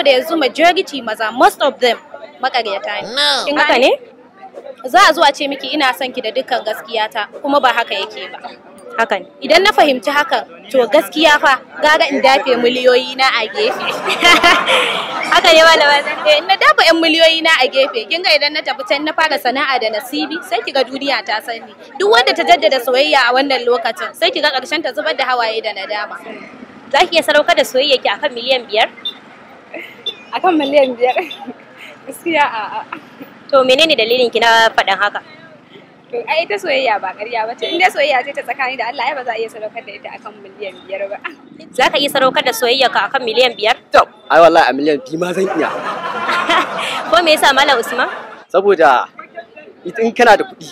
saboda yanzu majority maza most of them makaryata ne kin haka ne za a zuwa ce miki ina son ki da dukkan gaskiya ta kuma ba haka yake ba ne. idan na fahimci haka to gaskiya fa gaga in dafe miliyoyi na a gefe haka ne malama eh in na dafa yan miliyoyi na a gefe kin ga idan na tafi can na fara sana'a da nasibi sai kiga duniya ta sani duk wanda ta jaddada soyayya a wannan lokacin sai kiga karshen ta zubar da hawaye da nadama za ki iya sadaukar da soyayya ki akan miliyan biyar akan miliyan biyar gaskiya a'a to menene dalilin ki na faɗin haka to ai ita soyayya ba ƙarya ba ce in dai soyayya ce ta tsakani da Allah ai ba za a iya sadaukar da ita akan miliyan biyar ba za ka iya sadaukar da soyayya ka akan miliyan biyar to ai wallahi a miliyan biyu ma zan iya ko me yasa malam usman saboda in kana da kuɗi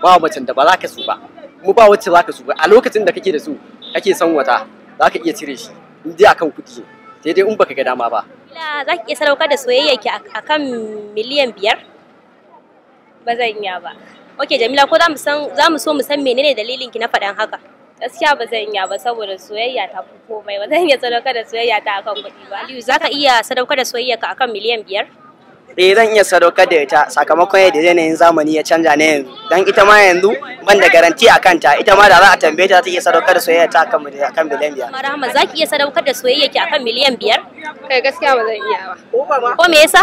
ba macen da ba za ka su ba mu ba wacce za ka su ba a lokacin da kake da su kake son wata za ka iya cire shi in dai akan kuɗi sai dai in baka ga dama ba ila za ki iya sadaukar da soyayya ki akan miliyan biyar ba zan iya ba ok jamila ko za mu so mu san menene dalilin ki na faɗan haka gaskiya ba zan iya ba saboda soyayya ta fi komai ba zan iya sadaukar da soyayya ta akan kuɗi ba aliyu za ka iya sadaukar da soyayya ka akan miliyan biyar eh zan iya sadaukar da ita sakamakon yadda yanayin zamani ya canja na yanzu dan ita ma yanzu ban da garanti a kanta ita ma da za a tambaye ta ta iya sadaukar da soyayya ta akan miliyan biyar marhama za ki iya sadaukar da soyayya ki akan miliyan biyar kai gaskiya ba zan iya ba ko me yasa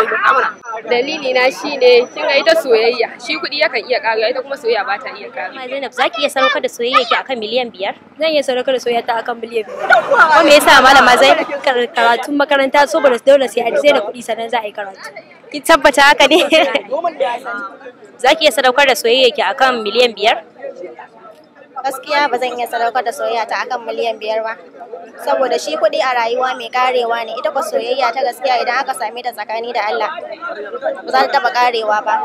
dalili na shine kin ga ita soyayya shi kuɗi yakan iya karewa ita kuma soyayya ba ta iya karewa Zainab za ki iya sadaukar da soyayya ki akan miliyan biyar zan iya sadaukar da soyayya ta akan miliyan biyar ko me yasa malama zai karatun makaranta saboda dole sai sai da kuɗi sannan za a yi karatu ki tabbata haka ne za ki iya sadaukar da soyayya ki akan miliyan biyar gaskiya ba zan iya sadaukar da soyayya ta akan miliyan biyar ba saboda shi kuɗi a rayuwa mai karewa ne ita ko soyayya ta gaskiya idan aka same ta tsakani da Allah ba za ta taɓa karewa ba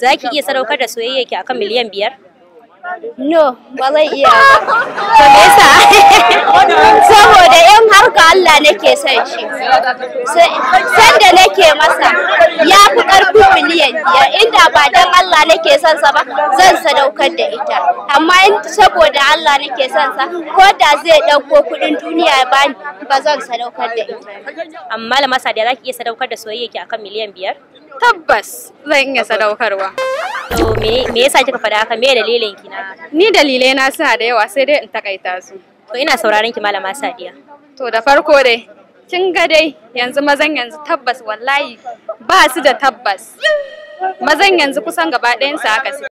za ki iya sadaukar da soyayya ki akan miliyan biyar No, ba zan iya ba. To me yasa? Saboda in har ga Allah nake son shi. da nake masa ya fi ƙarfi miliyan biyar inda ba dan Allah nake son sa ba zan sadaukar da ita. Amma in saboda Allah nake son sa ko da zai ɗauko kuɗin duniya ba ba zan sadaukar da ita. Amma la masa da za iya sadaukar da soyayya ki akan miliyan biyar? Tabbas zan iya sadaukarwa. So me yasa kika faɗa haka me dalilin ki na? Ni dalilai na suna da yawa sai dai in takaita su. To ina sauraron ki malama Sadiya. To da farko dai kin ga dai yanzu mazan yanzu tabbas wallahi ba su da tabbas. Mazan yanzu kusan gaba ɗayan su haka